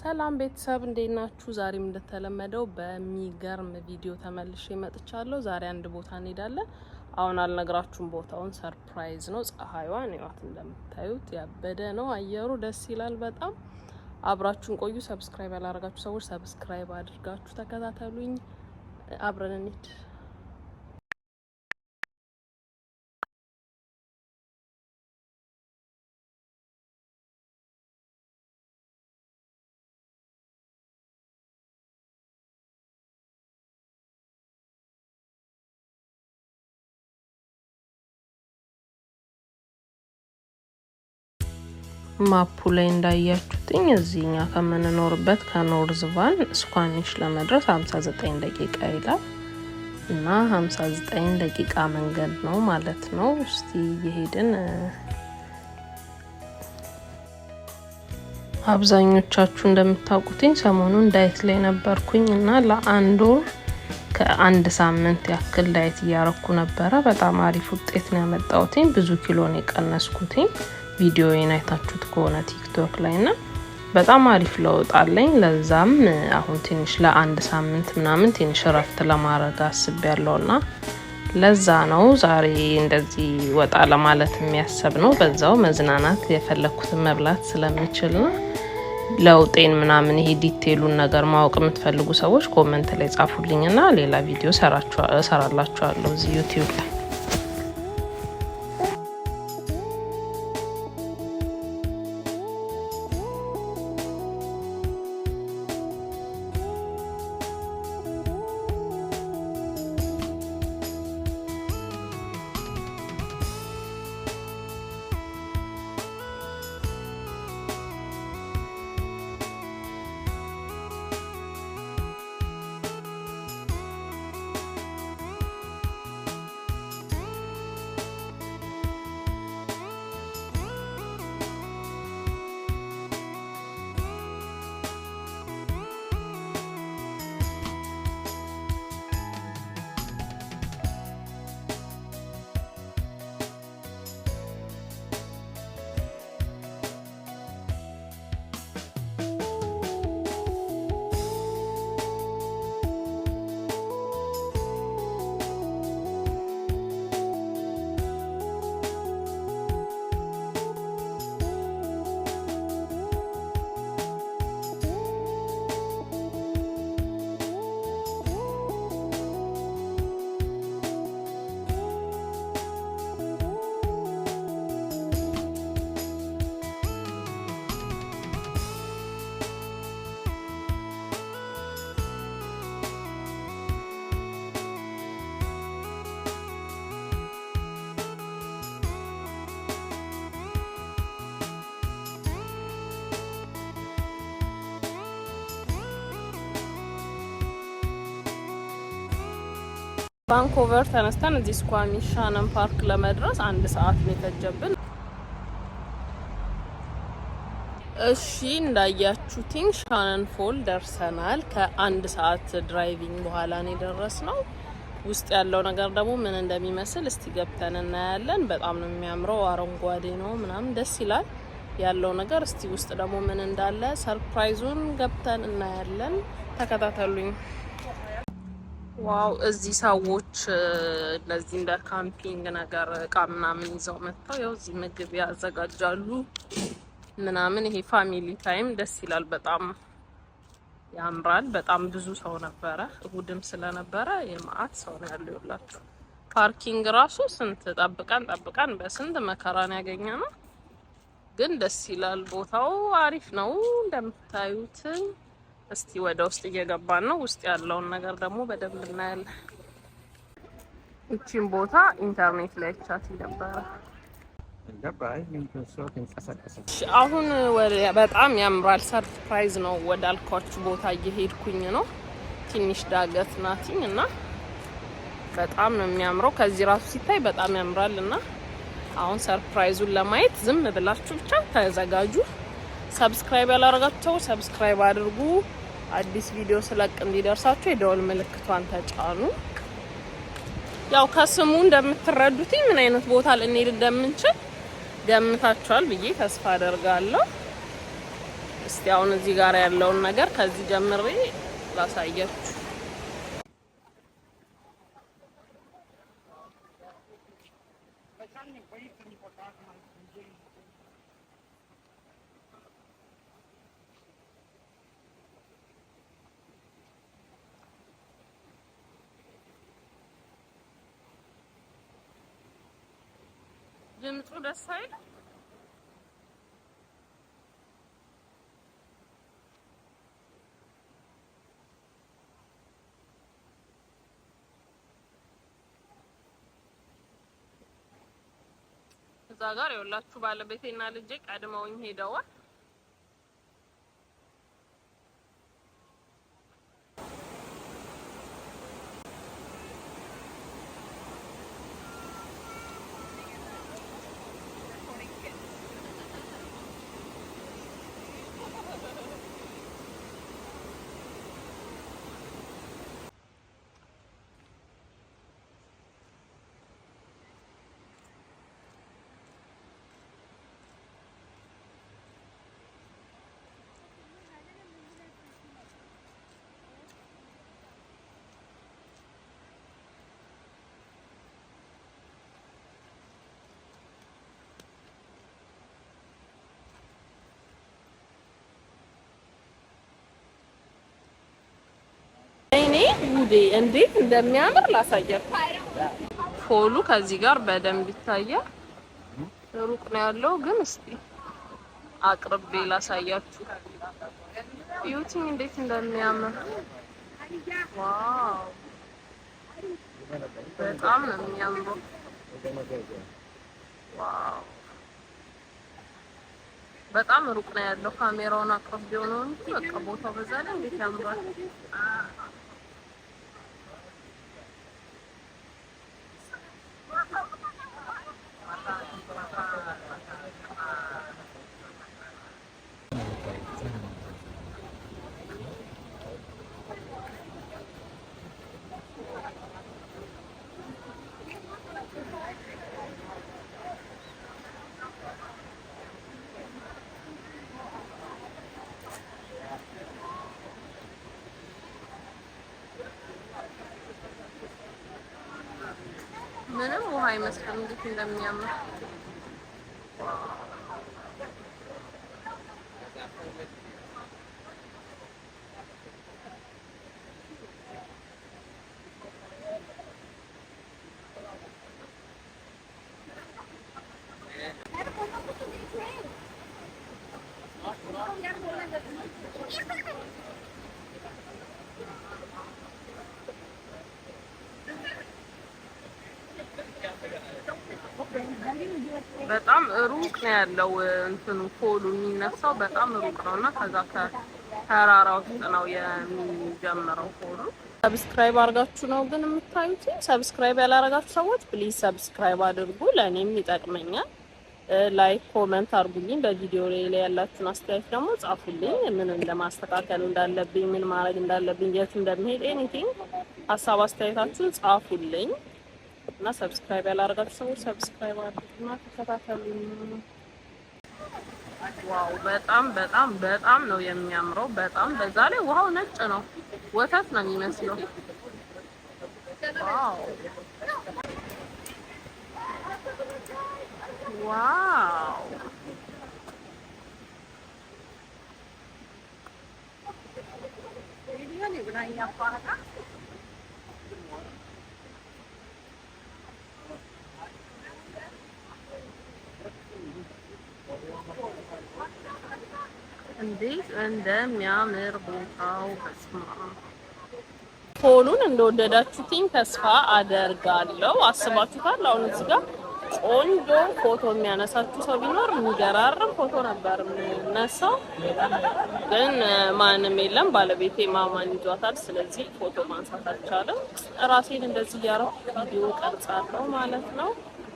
ሰላም ቤተሰብ እንዴት ናችሁ? ዛሬም እንደተለመደው በሚገርም ቪዲዮ ተመልሼ መጥቻለሁ። ዛሬ አንድ ቦታ እንሄዳለን። አሁን አልነግራችሁም ቦታውን፣ ሰርፕራይዝ ነው። ፀሐይዋን ይዋት እንደምታዩት ያበደ ነው። አየሩ ደስ ይላል በጣም። አብራችሁን ቆዩ። ሰብስክራይብ ያላረጋችሁ ሰዎች ሰብስክራይብ አድርጋችሁ ተከታተሉኝ። አብረን እንሂድ። ማፑ ላይ እንዳያችሁትኝ እዚህኛ ከምንኖርበት ከኖርዝ ቫን ስኳኒሽ ለመድረስ 59 ደቂቃ ይላል እና 59 ደቂቃ መንገድ ነው ማለት ነው። እስቲ እየሄድን አብዛኞቻችሁ እንደምታውቁትኝ ሰሞኑን ዳይት ላይ ነበርኩኝ እና ለአንድ ወር ከአንድ ሳምንት ያክል ዳይት እያረኩ ነበረ። በጣም አሪፍ ውጤት ነው ያመጣሁትኝ። ብዙ ኪሎ ነው የቀነስኩትኝ። ቪዲዮ አይታችሁት ከሆነ ቲክቶክ ላይ እና በጣም አሪፍ ለውጥ አለኝ። ለዛም አሁን ትንሽ ለአንድ ሳምንት ምናምን ትንሽ እረፍት ለማድረግ ያለው እና ለዛ ነው ዛሬ እንደዚህ ወጣ ለማለት የሚያሰብ ነው። በዛው መዝናናት የፈለግኩትን መብላት ስለምችል ነው። ለውጤን ምናምን ይሄ ዲቴሉን ነገር ማወቅ የምትፈልጉ ሰዎች ኮመንት ላይ ጻፉልኝና ሌላ ቪዲዮ ሰራላችኋለሁ እዚህ ዩቲዩብ ላይ ቫንኮቨር ተነስተን እዚህ ስኳሚ ሻነን ፓርክ ለመድረስ አንድ ሰዓት ነው የፈጀብን። እሺ እንዳያችሁትኝ ሻነን ፎል ደርሰናል። ከአንድ ሰዓት ድራይቪንግ በኋላ ነው የደረስ ነው። ውስጥ ያለው ነገር ደግሞ ምን እንደሚመስል እስቲ ገብተን እናያለን። በጣም ነው የሚያምረው፣ አረንጓዴ ነው ምናምን ደስ ይላል ያለው ነገር። እስቲ ውስጥ ደግሞ ምን እንዳለ ሰርፕራይዙን ገብተን እናያለን። ተከታተሉኝ። ዋው! እዚህ ሰዎች ለዚህ እንደ ካምፒንግ ነገር እቃ ምናምን ይዘው መጥተው ያው እዚህ ምግብ ያዘጋጃሉ ምናምን። ይሄ ፋሚሊ ታይም ደስ ይላል፣ በጣም ያምራል። በጣም ብዙ ሰው ነበረ፣ እሁድም ስለነበረ የማአት ሰው ነው ያለው። ይላችሁ ፓርኪንግ ራሱ ስንት ጠብቀን ጠብቀን በስንት መከራን ያገኘ ነው፣ ግን ደስ ይላል። ቦታው አሪፍ ነው እንደምታዩት። እስቲ ወደ ውስጥ እየገባን ነው። ውስጥ ያለውን ነገር ደግሞ በደንብ እናያለን። እቺን ቦታ ኢንተርኔት ላይ ቻት ነበረ። አሁን በጣም ያምራል። ሰርፕራይዝ ነው። ወደ አልኳችሁ ቦታ እየሄድኩኝ ነው። ትንሽ ዳገት ናትኝ እና በጣም ነው የሚያምረው። ከዚህ ራሱ ሲታይ በጣም ያምራል እና አሁን ሰርፕራይዙን ለማየት ዝም ብላችሁ ብቻ ተዘጋጁ። ሰብስክራይብ ያላረጋቸው ሰብስክራይብ አድርጉ። አዲስ ቪዲዮ ስለቅ እንዲደርሳችሁ የደወል ምልክቷን ተጫኑ። ያው ከስሙ እንደምትረዱት ምን አይነት ቦታ ልንሄድ እንደምንችል ገምታችኋል ብዬ ተስፋ አደርጋለሁ። እስቲ አሁን እዚህ ጋር ያለውን ነገር ከዚህ ጀምሬ ላሳያችሁ። ድምፁ ደስ አይል እዛ ጋር የወላችሁ ባለቤቴና ልጄ ቀድመውኝ ሄደዋል። ውዴ እንዴት እንደሚያምር ላሳየው። ፖሉ ከዚህ ጋር በደንብ ይታያል። ሩቅ ነው ያለው ግን እስቲ አቅርቤ ላሳያችሁ። ቢዩቲንግ እንዴት እንደሚያምር ዋው! በጣም ነው የሚያምረው። ዋው! በጣም ሩቅ ነው ያለው። ካሜራውን አቅርቤው ነው እንጂ በቃ ቦታው በዛ ላይ እንዴት ያምራል። ምንም ውሃ አይመስልም እንዴት እንደሚያምር ሩቅ ነው ያለው እንትኑ ኮሉ የሚነሳው በጣም ሩቅ ነው እና ከዛ ከተራራ ውስጥ ነው የሚጀምረው ኮሉ። ሰብስክራይብ አድርጋችሁ ነው ግን የምታዩት። ሰብስክራይብ ያላረጋችሁ ሰዎች ፕሊዝ ሰብስክራይብ አድርጉ፣ ለእኔም ይጠቅመኛል። ላይክ ኮመንት አድርጉልኝ። በቪዲዮ ላይ ያላችሁን አስተያየት ደግሞ ጻፉልኝ። ምን እንደማስተካከል እንዳለብኝ፣ ምን ማድረግ እንዳለብኝ፣ የት እንደሚሄድ ኤኒቲንግ ሀሳብ አስተያየታችሁን ጻፉልኝ። እና ሰብስክራይብ ያላደረጋችሁ ሰዎች ሰብስክራይብ አድርጉና ተከታተሉ። ዋው በጣም በጣም በጣም ነው የሚያምረው። በጣም በዛ ላይ ውሃው ነጭ ነው፣ ወተት ነው የሚመስለው። ዋው ዋው እንደሚያምር ቦታው በስማ እንደወደዳችሁትኝ ተስፋ አደርጋለሁ። አስባችሁታል። አሁን እዚህ ጋር ቆንጆ ፎቶ የሚያነሳችሁ ሰው ቢኖር የሚገራርም ፎቶ ነበር የምነሳው፣ ግን ማንም የለም። ባለቤቴ ማማን ይዟታል። ስለዚህ ፎቶ ማንሳት አልቻለም። ራሴን እንደዚህ እያረኩ ቪዲዮ ቀርጻለሁ ማለት ነው።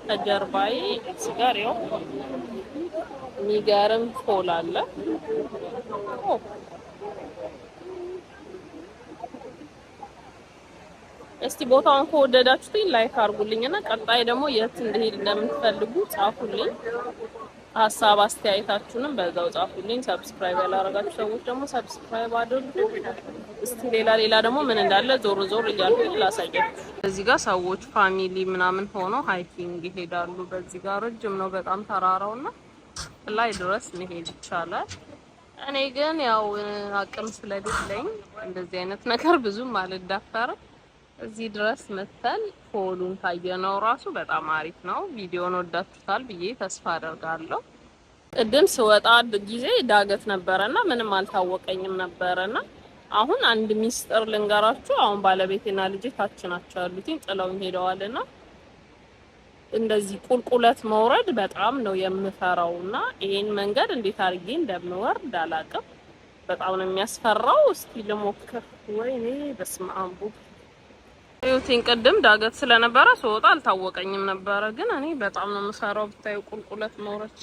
ከጀርባዬ እዚህ ጋር የሚገርም ፎል አለ። እስቲ ቦታውን ከወደዳችሁትኝ ላይክ አድርጉልኝ እና ቀጣይ ደግሞ የት እንደሄድ እንደምትፈልጉ ጻፉልኝ። ሀሳብ አስተያየታችሁንም በዛው ጻፉልኝ። ሰብስክራይብ ያላረጋችሁ ሰዎች ደግሞ ሰብስክራይብ አድርጉ። እስቲ ሌላ ሌላ ደግሞ ምን እንዳለ ዞር ዞር እያልኩኝ ላሳያችሁ። እዚህ ጋር ሰዎች ፋሚሊ ምናምን ሆኖ ሀይኪንግ ይሄዳሉ። በዚህ ጋር ረጅም ነው በጣም ተራራውና ላይ ድረስ መሄድ ይቻላል። እኔ ግን ያው አቅም ስለሌለኝ እንደዚህ አይነት ነገር ብዙም አልዳፈርም። እዚህ ድረስ መተን ፎሉን ካየነው ራሱ በጣም አሪፍ ነው። ቪዲዮን ወዳችሁታል ብዬ ተስፋ አደርጋለሁ። ቅድም ስወጣ ጊዜ ዳገት ነበረና ምንም አልታወቀኝም ነበረና አሁን አንድ ሚስጥር ልንገራችሁ። አሁን ባለቤቴና ልጄ ታች ናቸው ያሉትኝ ጥለውኝ ሄደዋልና እንደዚህ ቁልቁለት መውረድ በጣም ነው የምፈራውና ይሄን መንገድ እንዴት አድርጌ እንደምወርድ አላቅም። በጣም ነው የሚያስፈራው። እስኪ ልሞክር። ወይኔ በስመ አብ ዩቲን ቅድም ዳገት ስለነበረ ስወጣ አልታወቀኝም ነበረ። ግን እኔ በጣም ነው የምሰራው። ብታዩ ቁልቁለት መውረች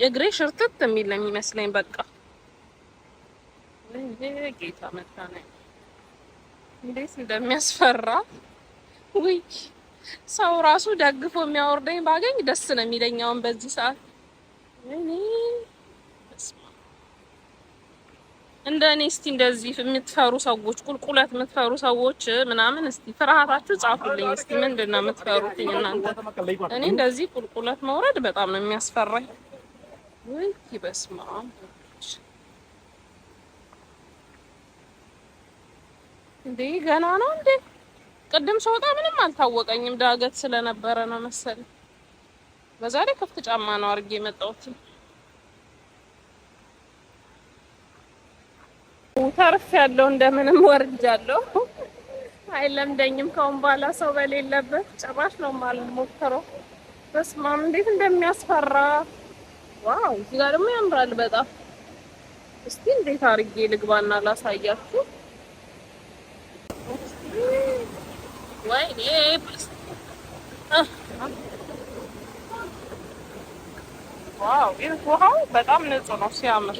የእግሬ ሽርትት የሚል ነው የሚመስለኝ። በቃ ጌታ መታነ እንዴት እንደሚያስፈራ ውይ! ሰው ራሱ ደግፎ የሚያወርደኝ ባገኝ ደስ ነው የሚለኛውን በዚህ ሰዓት እኔ እንደ እኔ እስቲ እንደዚህ የምትፈሩ ሰዎች ቁልቁለት የምትፈሩ ሰዎች ምናምን እስቲ ፍርሃታችሁ ጻፉልኝ። እስቲ ምንድን ነው የምትፈሩትኝ እናንተ? እኔ እንደዚህ ቁልቁለት መውረድ በጣም ነው የሚያስፈራኝ። ወይ በስመ አብ እንዴ! ገና ነው እንዴ? ቅድም ስወጣ ምንም አልታወቀኝም። ዳገት ስለነበረ ነው መሰለኝ። በዛሬ ክፍት ጫማ ነው አድርጌ የመጣሁት። ተርፍ ያለው እንደምንም ወርጃለሁ። አይለምደኝም ከአሁን በኋላ ሰው በሌለበት ጭራሽ ነው የማልሞክረው። በስመ አብ እንዴት እንደሚያስፈራ ዋው! እዚህ ጋር ደግሞ ያምራል በጣም። እስቲ እንዴት አድርጌ ልግባና ላሳያችሁ። ወይኔ ዋው! ውሃው በጣም ንጹህ ነው ሲያምር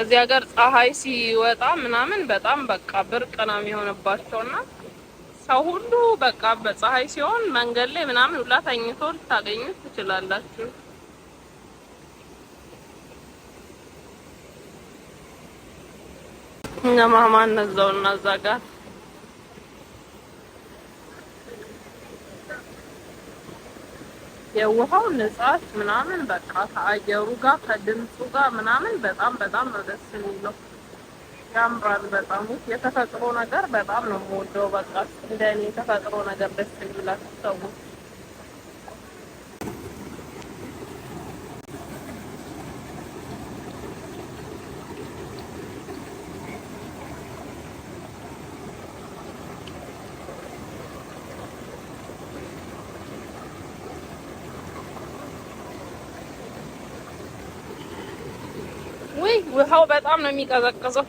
እዚህ ሀገር ፀሐይ ሲወጣ ምናምን በጣም በቃ ብርቅ ነው የሚሆንባቸውና ሰው ሁሉ በቃ በፀሐይ ሲሆን መንገድ ላይ ምናምን ሁላ ተኝቶ ልታገኙት ትችላላችሁ። እነ ማማ እነዛው እና እዛ ጋር የውሃው ንጻት ምናምን በቃ ከአየሩ ጋር ከድምፁ ጋር ምናምን በጣም በጣም ነው ደስ የሚለው። ያምራል። በጣም የተፈጥሮ ነገር በጣም ነው የምወደው። በቃ እንደኔ የተፈጥሮ ነገር ደስ የሚላቸው ሰዎች ውይ ውሃው በጣም ነው የሚቀዘቅዘው።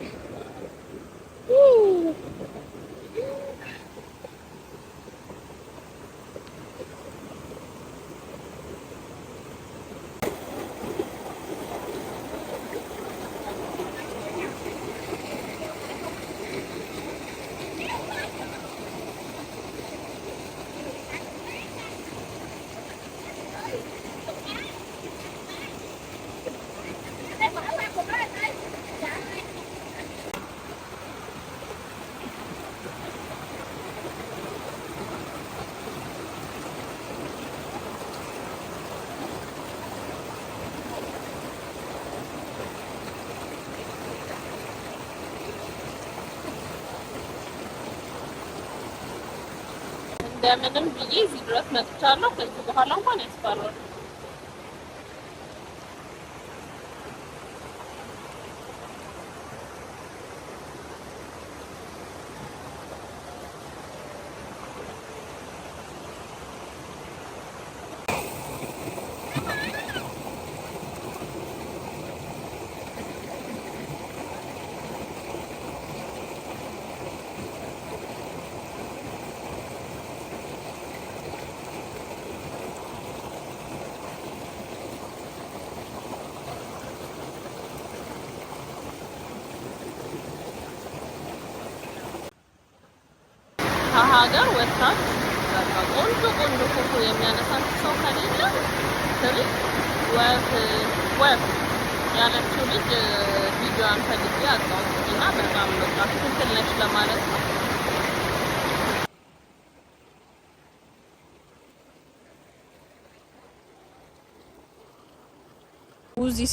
እንደምንም ብዬ እዚህ ድረስ መጥቻለሁ። ከዚህ በኋላ እንኳን ያስፈራል። የሰው ልጅ በጣም በቃ ትክክል ነች ለማለት ነው።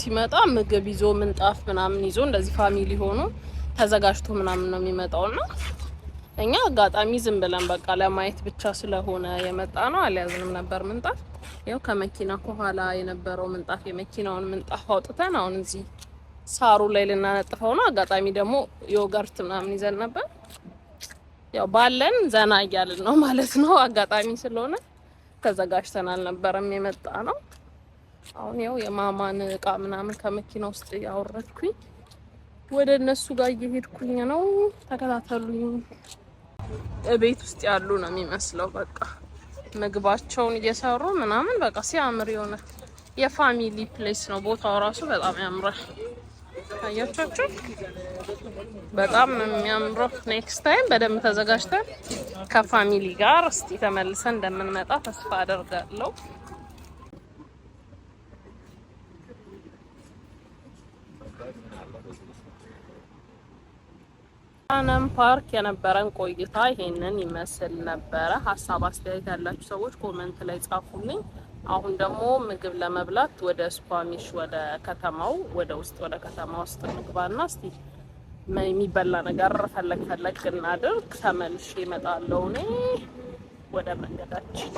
ሲመጣ ምግብ ይዞ ምንጣፍ ምናምን ይዞ እንደዚህ ፋሚሊ ሆኖ ተዘጋጅቶ ምናምን ነው የሚመጣው የሚመጣውና እኛ አጋጣሚ ዝም ብለን በቃ ለማየት ብቻ ስለሆነ የመጣ ነው። አልያዝንም ነበር ምንጣፍ። ያው ከመኪና ከኋላ የነበረው ምንጣፍ የመኪናውን ምንጣፍ አውጥተን አሁን እዚህ ሳሩ ላይ ልናነጥፈው ነው። አጋጣሚ ደግሞ ዮገርት ምናምን ይዘን ነበር። ያው ባለን ዘና እያልን ነው ማለት ነው። አጋጣሚ ስለሆነ ተዘጋጅተን አልነበረም የመጣ ነው። አሁን ያው የማማን እቃ ምናምን ከመኪና ውስጥ ያወረድኩኝ ወደ እነሱ ጋር እየሄድኩኝ ነው። ተከታተሉኝ። ቤት ውስጥ ያሉ ነው የሚመስለው። በቃ ምግባቸውን እየሰሩ ምናምን በቃ ሲያምር የሆነ የፋሚሊ ፕሌስ ነው። ቦታው ራሱ በጣም ያምራል። አያቻችሁ፣ በጣም ነው የሚያምረው። ኔክስት ታይም በደንብ ተዘጋጅተን ከፋሚሊ ጋር እስቲ ተመልሰን እንደምንመጣ ተስፋ አደርጋለሁ። ጣናም ፓርክ የነበረን ቆይታ ይሄንን ይመስል ነበረ። ሀሳብ አስተያየት ያላችሁ ሰዎች ኮመንት ላይ ጻፉልኝ። አሁን ደግሞ ምግብ ለመብላት ወደ ስፓሚሽ ወደ ከተማው ወደ ውስጥ ወደ ከተማ ውስጥ ምግባና እስቲ የሚበላ ነገር ፈለግ ፈለግ እናድርግ። ተመልሼ እመጣለሁ እኔ ወደ መንገዳችን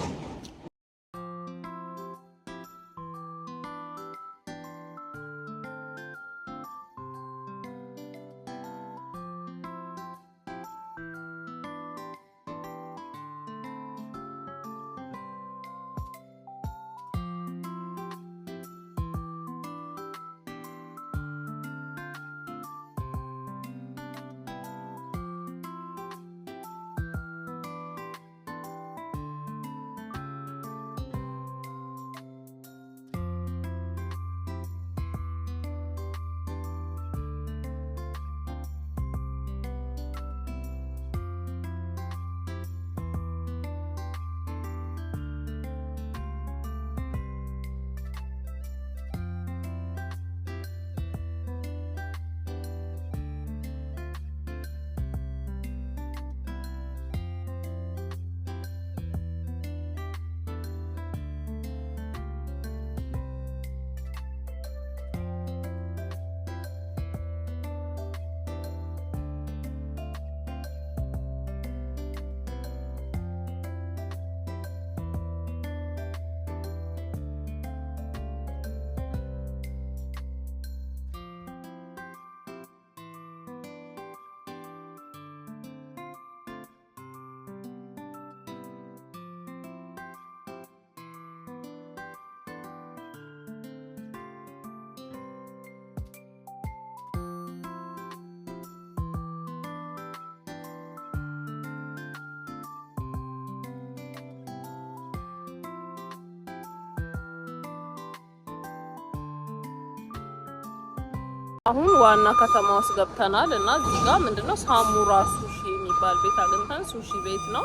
አሁን ዋና ከተማ ውስጥ ገብተናል እና እዚህ ጋር ምንድነው ሳሙራ ሱሺ የሚባል ቤት አግኝተን ሱሺ ቤት ነው።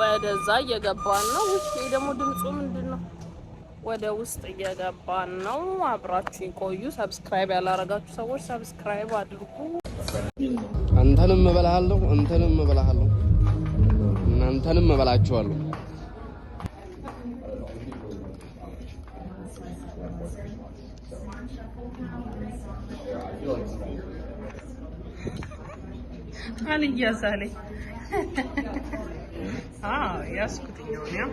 ወደዛ እየገባን ነው። ውስጥ ደግሞ ድምፁ ምንድን ነው? ወደ ውስጥ እየገባን ነው። አብራችሁ ቆዩ። ሰብስክራይብ ያላረጋችሁ ሰዎች ሰብስክራይብ አድርጉ። አንተንም እበላሃለሁ፣ አንተንም እበላሃለሁ፣ እናንተንም እበላችኋለሁ። اهلا يا سهلي اه يسكت اليوم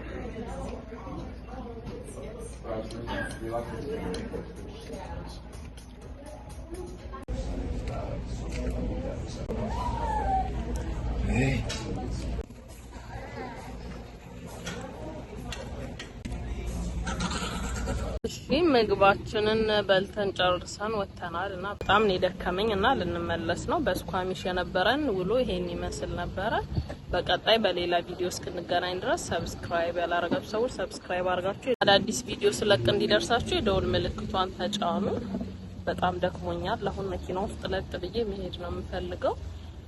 Hey. እሺ ምግባችንን በልተን ጨርሰን ወጥተናል እና በጣም ነው የደከመኝ እና ልንመለስ ነው። በስኳሚሽ የነበረን ውሎ ይሄን ይመስል ነበረ። በቀጣይ በሌላ ቪዲዮ እስክንገናኝ ድረስ ሰብስክራይብ ያላረጋችሁ ሰዎች ሰብስክራይብ አድርጋችሁ አዳዲስ ቪዲዮ ስለቅ እንዲደርሳችሁ የደውል ምልክቷን ተጫኑ። በጣም ደክሞኛል። አሁን መኪና ውስጥ ለጥ ብዬ መሄድ ነው የምፈልገው።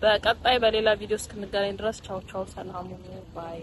በቀጣይ በሌላ ቪዲዮ እስክንገናኝ ድረስ ቻው ቻው፣ ሰላሙ ባይ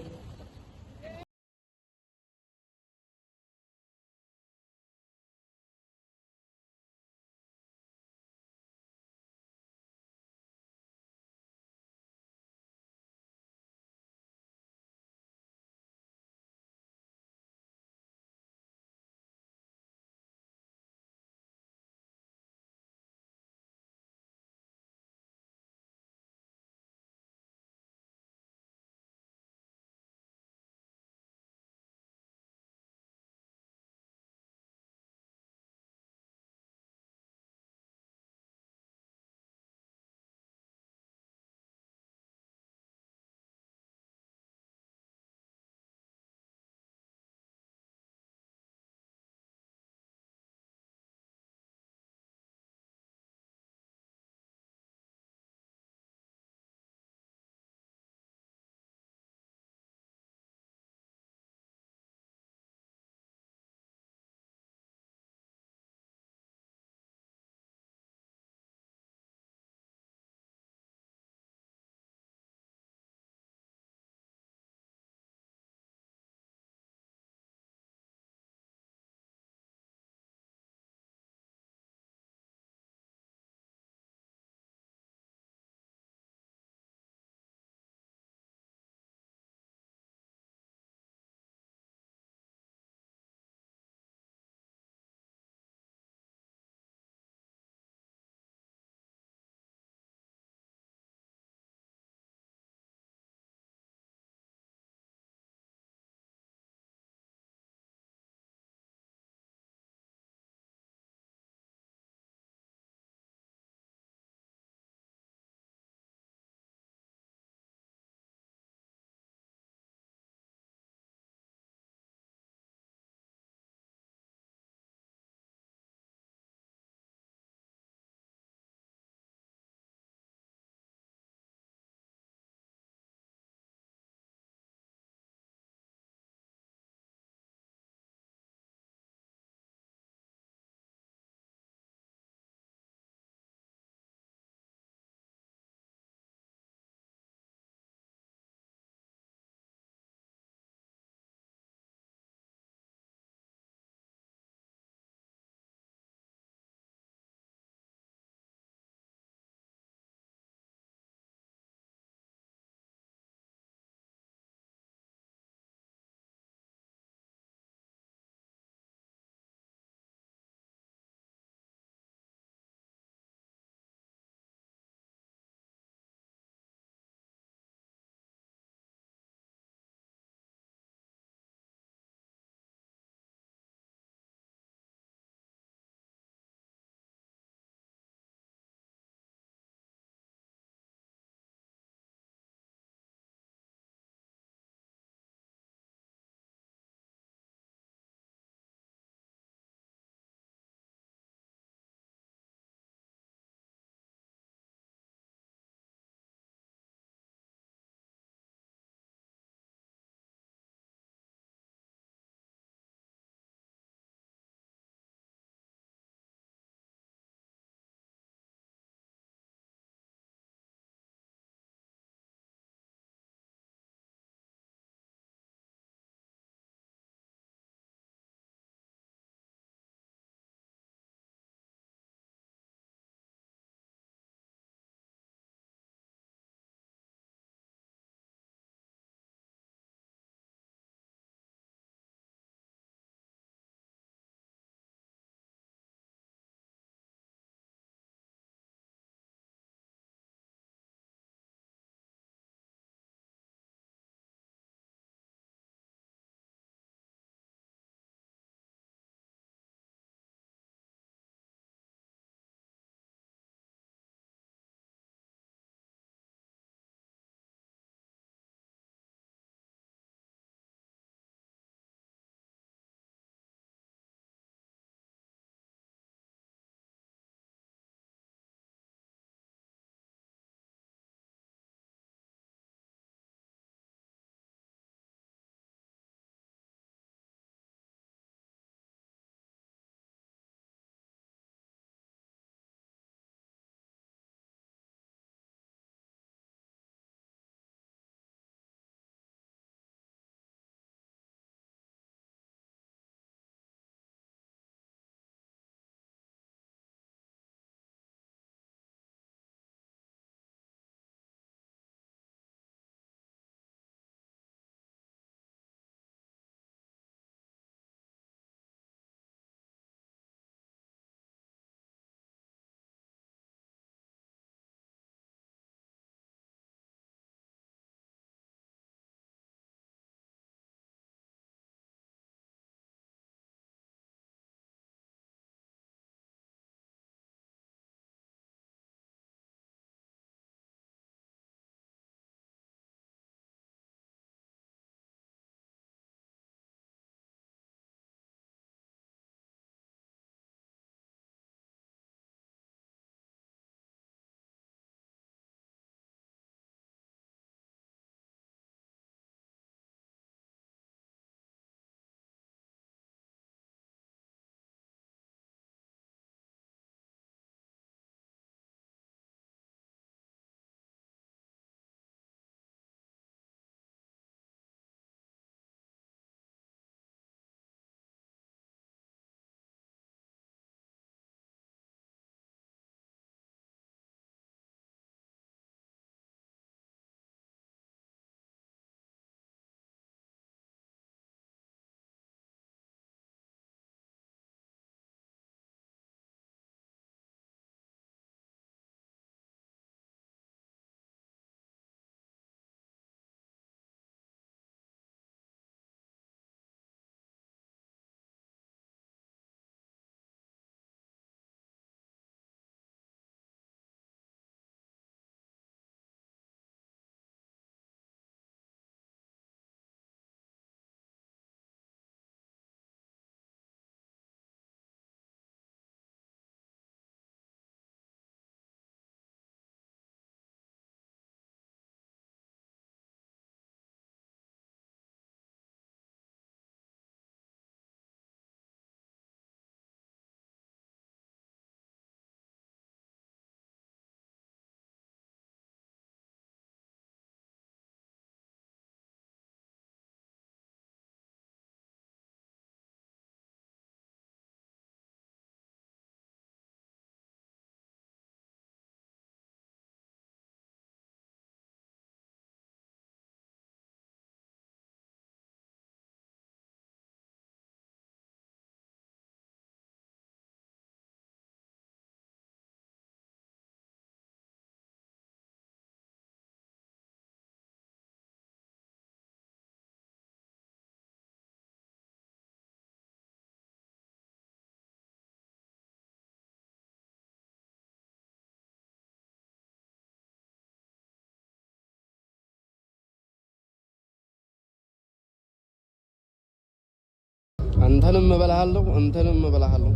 አንተንም እበላሃለሁ፣ አንተንም እበላሃለሁ፣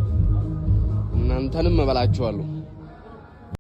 እናንተንም እበላችኋለሁ።